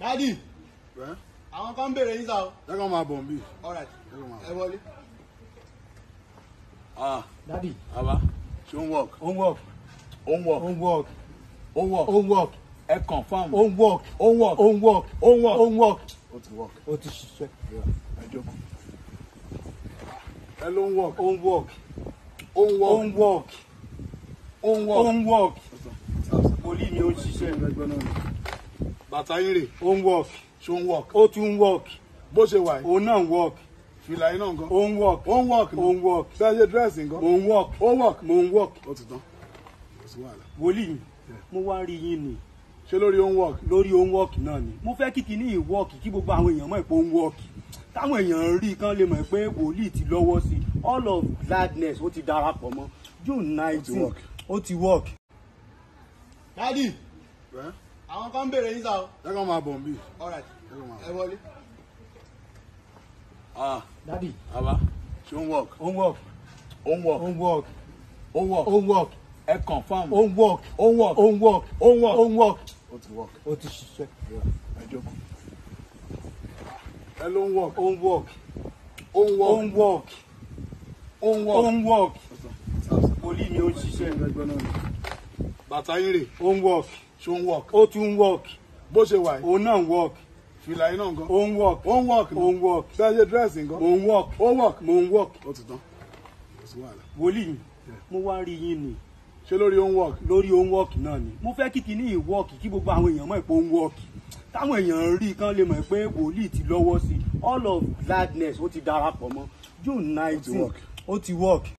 dadi àwọn kan béèrè yín sá o. ẹ kàn máa bọ̀ nbí. alright ẹ wọlé. ah dadi. baba homework. homework. homework. homework. homework. homework. ẹ confam. homework. homework. homework. homework. homework. o ti work. o ti ṣiṣẹ́. ẹ jókòó. ẹ ló ń work. homework. homework. homework. homework. homework. olú mi ò ṣiṣẹ́ bàtà yín rè. ó ń wọ̀k. ṣó ń wọ̀k. ó tún ń wọ̀k. bó ṣe wà yìí. òun náà ń wọ̀k. fìlà yín náà nǹkan. ó ń wọ̀k. ó ń wọ̀k. ó ń wọ̀k. bẹ́ẹ̀ ṣe dírẹ́sì nǹkan. mo ń wọ̀k. ó wọ̀k. mo ń wọ̀k. ó ti tán. wòlíì mo wá rí yín nìyí ṣe lórí own work. lórí own work náà ni. mo fẹ́ kí kinní work kí gbogbo àwọn èèyàn mọ̀ pé own work táwọn èèyàn rí kan lè mọ̀ pé wòlíì ti lọ́wọ́ sí all of gladness ó ti darapọ̀ mọ́ june nineteen ó ti work. dadi àwọn kan ń béèrè yín sá o. ẹ kàn máa bọ̀ n bí. ẹ wọlé. ah dadi. baba ṣe homework. homework. homework. homework. homework. homework. ẹ confam. homework. homework. homework. homework. homework. o ti work. o ti ṣiṣẹ́. ẹ jókòó. ẹ ló ń work. work. work. work. work. homework. homework. homework. homework. olú mi ò ṣiṣẹ́. bàtà yín rè. work ṣó ń work. ó tún ń work. bó ṣe wà yìí. òun náà ń work. fìlà iná nǹkan. ó ń work. ó ń work. ó ń work. bẹ́ẹ̀ ṣe dírẹ́sì nǹkan. ó ń work. ó work. mo ń work. ó ti tán. wòlíì mo wá rí yín ni ṣe lórí own work lórí own work náà ni mo fẹ́ kí kinní yìí work kí gbogbo àwọn èèyàn mọ̀ pé own work táwọn èèyàn rí kan lè mọ̀ pé wòlíì ti lọ́wọ́ sí all of gladness ó ti darapọ̀ mọ́ June nineteen ó ti work.